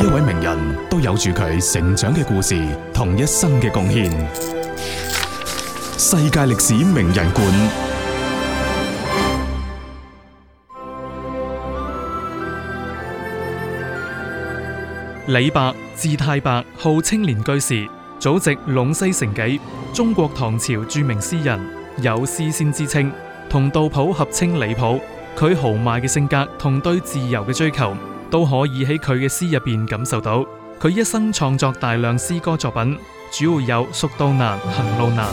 一位名人都有住佢成長嘅故事，同一生嘅貢獻。世界歷史名人館。李白，字太白，號青蓮居士，祖籍隴西成紀，中國唐朝著名詩人，有詩仙之稱，同杜甫合稱李杜。佢豪邁嘅性格同對自由嘅追求。都可以喺佢嘅詩入邊感受到，佢一生創作大量詩歌作品，主要有《蜀道難》、《行路難》。